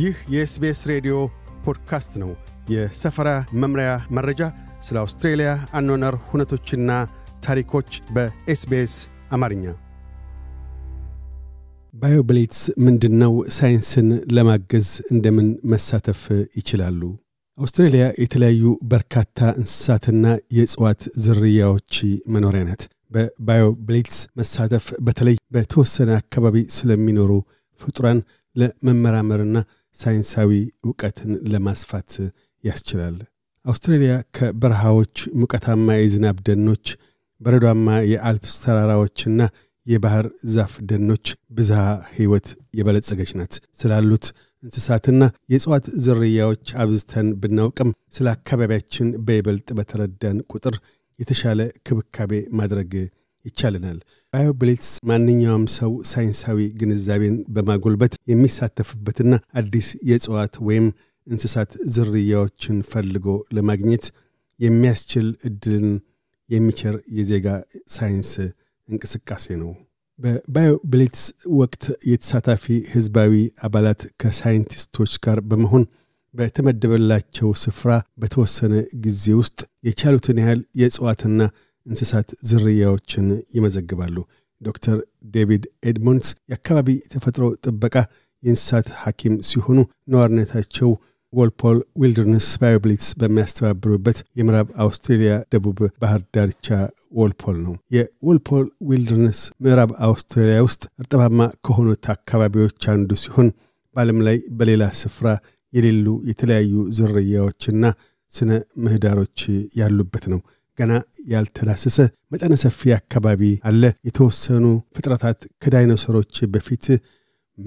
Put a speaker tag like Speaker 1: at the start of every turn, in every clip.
Speaker 1: ይህ የኤስቤስ ሬዲዮ ፖድካስት ነው። የሰፈራ መምሪያ መረጃ፣ ስለ አውስትሬልያ አኗነር ሁነቶችና ታሪኮች በኤስቤስ አማርኛ። ባዮብሌትስ ምንድን ነው? ሳይንስን ለማገዝ እንደምን መሳተፍ ይችላሉ? አውስትሬልያ የተለያዩ በርካታ እንስሳትና የእጽዋት ዝርያዎች መኖሪያ ናት። በባዮብሌትስ መሳተፍ በተለይ በተወሰነ አካባቢ ስለሚኖሩ ፍጡራን ለመመራመርና ሳይንሳዊ እውቀትን ለማስፋት ያስችላል። አውስትራሊያ ከበረሃዎች፣ ሙቀታማ የዝናብ ደኖች፣ በረዷማ የአልፕስ ተራራዎችና የባህር ዛፍ ደኖች ብዝሃ ሕይወት የበለጸገች ናት። ስላሉት እንስሳትና የእጽዋት ዝርያዎች አብዝተን ብናውቅም ስለ አካባቢያችን በይበልጥ በተረዳን ቁጥር የተሻለ ክብካቤ ማድረግ ይቻልናል። ባዮብሌትስ ማንኛውም ሰው ሳይንሳዊ ግንዛቤን በማጎልበት የሚሳተፍበትና አዲስ የእጽዋት ወይም እንስሳት ዝርያዎችን ፈልጎ ለማግኘት የሚያስችል እድልን የሚቸር የዜጋ ሳይንስ እንቅስቃሴ ነው። በባዮብሌትስ ወቅት የተሳታፊ ህዝባዊ አባላት ከሳይንቲስቶች ጋር በመሆን በተመደበላቸው ስፍራ በተወሰነ ጊዜ ውስጥ የቻሉትን ያህል የእጽዋትና እንስሳት ዝርያዎችን ይመዘግባሉ። ዶክተር ዴቪድ ኤድሞንድስ የአካባቢ ተፈጥሮ ጥበቃ የእንስሳት ሐኪም ሲሆኑ ነዋሪነታቸው ወልፖል ዊልደርነስ ባዮብሊትስ በሚያስተባብሩበት የምዕራብ አውስትሬልያ ደቡብ ባህር ዳርቻ ወልፖል ነው። የወልፖል ዊልደርነስ ምዕራብ አውስትሬልያ ውስጥ እርጥባማ ከሆኑት አካባቢዎች አንዱ ሲሆን በዓለም ላይ በሌላ ስፍራ የሌሉ የተለያዩ ዝርያዎችና ስነ ምህዳሮች ያሉበት ነው። ገና ያልተዳሰሰ መጠነ ሰፊ አካባቢ አለ። የተወሰኑ ፍጥረታት ከዳይኖሰሮች በፊት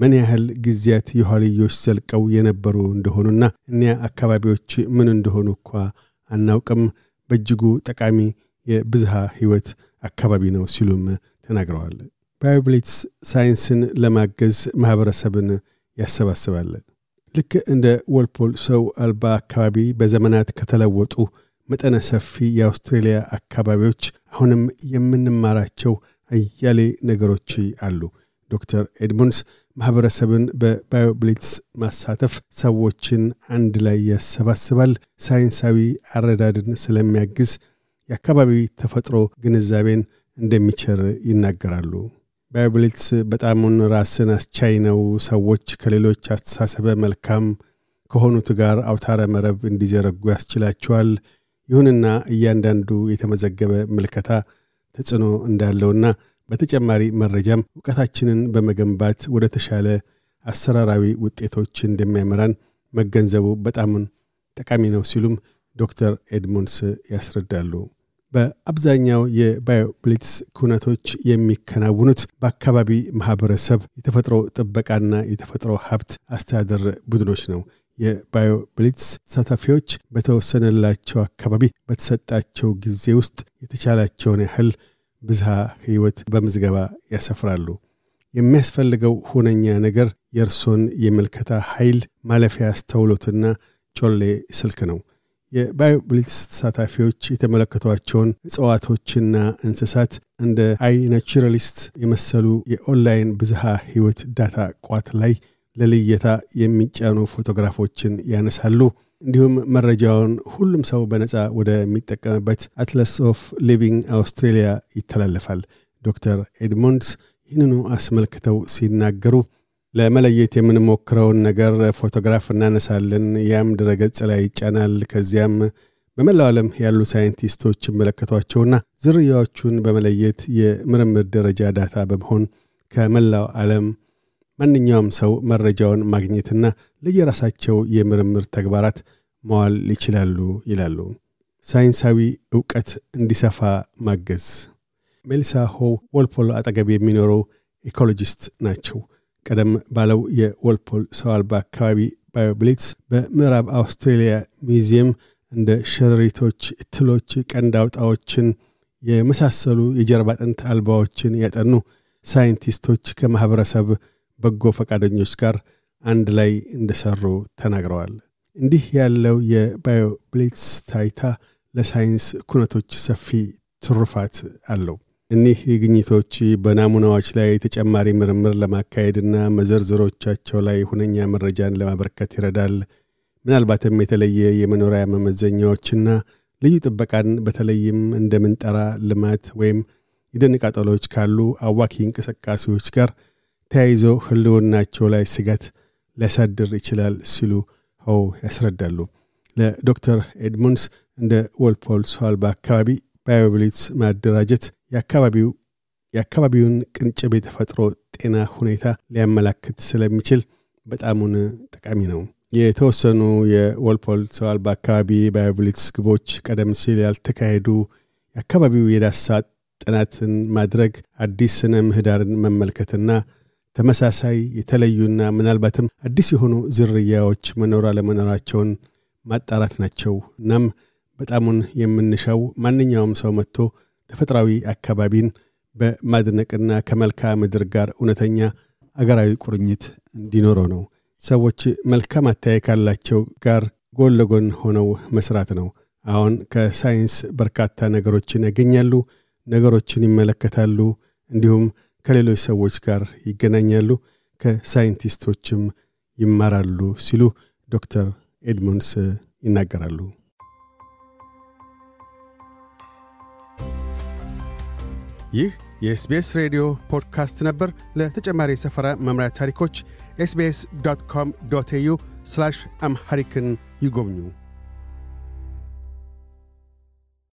Speaker 1: ምን ያህል ጊዜያት የኋልዮች ዘልቀው የነበሩ እንደሆኑና እኒያ አካባቢዎች ምን እንደሆኑ እኳ አናውቅም። በእጅጉ ጠቃሚ የብዝሃ ህይወት አካባቢ ነው ሲሉም ተናግረዋል። ባዮብሌትስ ሳይንስን ለማገዝ ማህበረሰብን ያሰባስባል። ልክ እንደ ወልፖል ሰው አልባ አካባቢ በዘመናት ከተለወጡ መጠነ ሰፊ የአውስትሬልያ አካባቢዎች አሁንም የምንማራቸው አያሌ ነገሮች አሉ። ዶክተር ኤድሙንስ ማህበረሰብን በባዮብሊትስ ማሳተፍ ሰዎችን አንድ ላይ ያሰባስባል፣ ሳይንሳዊ አረዳድን ስለሚያግዝ የአካባቢ ተፈጥሮ ግንዛቤን እንደሚቸር ይናገራሉ። ባዮብሊትስ በጣሙን ራስን አስቻይ ነው። ሰዎች ከሌሎች አስተሳሰበ መልካም ከሆኑት ጋር አውታረ መረብ እንዲዘረጉ ያስችላቸዋል። ይሁንና እያንዳንዱ የተመዘገበ ምልከታ ተጽዕኖ እንዳለውና በተጨማሪ መረጃም እውቀታችንን በመገንባት ወደ ተሻለ አሰራራዊ ውጤቶች እንደሚያመራን መገንዘቡ በጣምን ጠቃሚ ነው ሲሉም ዶክተር ኤድሞንስ ያስረዳሉ። በአብዛኛው የባዮብሊትስ ኩነቶች የሚከናውኑት በአካባቢ ማህበረሰብ የተፈጥሮ ጥበቃና የተፈጥሮ ሀብት አስተዳደር ቡድኖች ነው። የባዮ ብሊትስ ተሳታፊዎች በተወሰነላቸው አካባቢ በተሰጣቸው ጊዜ ውስጥ የተቻላቸውን ያህል ብዝሃ ህይወት በምዝገባ ያሰፍራሉ። የሚያስፈልገው ሁነኛ ነገር የእርሶን የመልከታ ኃይል ማለፊያ አስተውሎትና ጮሌ ስልክ ነው። ብሊትስ ተሳታፊዎች የተመለከቷቸውን እጽዋቶችና እንስሳት እንደ አይ ናቹራሊስት የመሰሉ የኦንላይን ብዝሃ ህይወት ዳታ ቋት ላይ ለልየታ የሚጫኑ ፎቶግራፎችን ያነሳሉ። እንዲሁም መረጃውን ሁሉም ሰው በነፃ ወደሚጠቀምበት አትለስ ኦፍ ሊቪንግ አውስትሬሊያ ይተላለፋል። ዶክተር ኤድሞንድስ ይህንኑ አስመልክተው ሲናገሩ ለመለየት የምንሞክረውን ነገር ፎቶግራፍ እናነሳለን፣ ያም ድረገጽ ላይ ይጫናል። ከዚያም በመላው ዓለም ያሉ ሳይንቲስቶች ይመለከቷቸውና ዝርያዎቹን በመለየት የምርምር ደረጃ ዳታ በመሆን ከመላው ዓለም ማንኛውም ሰው መረጃውን ማግኘትና ለየራሳቸው የምርምር ተግባራት መዋል ይችላሉ ይላሉ። ሳይንሳዊ እውቀት እንዲሰፋ ማገዝ። ሜሊሳ ሆ ወልፖል አጠገብ የሚኖሩ ኢኮሎጂስት ናቸው። ቀደም ባለው የወልፖል ሰው አልባ አካባቢ ባዮብሊትስ በምዕራብ አውስትሬልያ ሚዚየም እንደ ሸረሪቶች፣ ትሎች፣ ቀንድ አውጣዎችን የመሳሰሉ የጀርባ አጥንት አልባዎችን ያጠኑ ሳይንቲስቶች ከማኅበረሰብ በጎ ፈቃደኞች ጋር አንድ ላይ እንደሰሩ ተናግረዋል። እንዲህ ያለው የባዮብሌትስ ታይታ ለሳይንስ ኩነቶች ሰፊ ትሩፋት አለው። እኒህ ግኝቶች በናሙናዎች ላይ ተጨማሪ ምርምር ለማካሄድና መዘርዝሮቻቸው ላይ ሁነኛ መረጃን ለማበርከት ይረዳል። ምናልባትም የተለየ የመኖሪያ መመዘኛዎችና ልዩ ጥበቃን በተለይም እንደምንጠራ ልማት ወይም የደንቃጠሎች ካሉ አዋኪ እንቅስቃሴዎች ጋር ተያይዞ ህልውናቸው ላይ ስጋት ሊያሳድር ይችላል ሲሉ ሀው ያስረዳሉ ለዶክተር ኤድሞንስ እንደ ወልፖል ሰዋልባ አካባቢ ባዮብሊትስ ማደራጀት የአካባቢውን ቅንጭብ የተፈጥሮ ጤና ሁኔታ ሊያመላክት ስለሚችል በጣሙን ጠቃሚ ነው የተወሰኑ የወልፖል ሰዋል በአካባቢ ባዮብሊትስ ግቦች ቀደም ሲል ያልተካሄዱ የአካባቢው የዳሳ ጥናትን ማድረግ አዲስ ስነ ምህዳርን መመልከትና ተመሳሳይ የተለዩና ምናልባትም አዲስ የሆኑ ዝርያዎች መኖር አለመኖራቸውን ማጣራት ናቸው። እናም በጣሙን የምንሻው ማንኛውም ሰው መጥቶ ተፈጥሯዊ አካባቢን በማድነቅና ከመልካ ምድር ጋር እውነተኛ አገራዊ ቁርኝት እንዲኖረው ነው። ሰዎች መልካም አታይ ካላቸው ጋር ጎን ለጎን ሆነው መስራት ነው። አሁን ከሳይንስ በርካታ ነገሮችን ያገኛሉ፣ ነገሮችን ይመለከታሉ፣ እንዲሁም ከሌሎች ሰዎች ጋር ይገናኛሉ፣ ከሳይንቲስቶችም ይማራሉ ሲሉ ዶክተር ኤድሞንስ ይናገራሉ። ይህ የኤስቤስ ሬዲዮ ፖድካስት ነበር። ለተጨማሪ የሰፈራ መምሪያ ታሪኮች ኤስቤስ ዶት ኮም ኤዩ አምሐሪክን ይጎብኙ።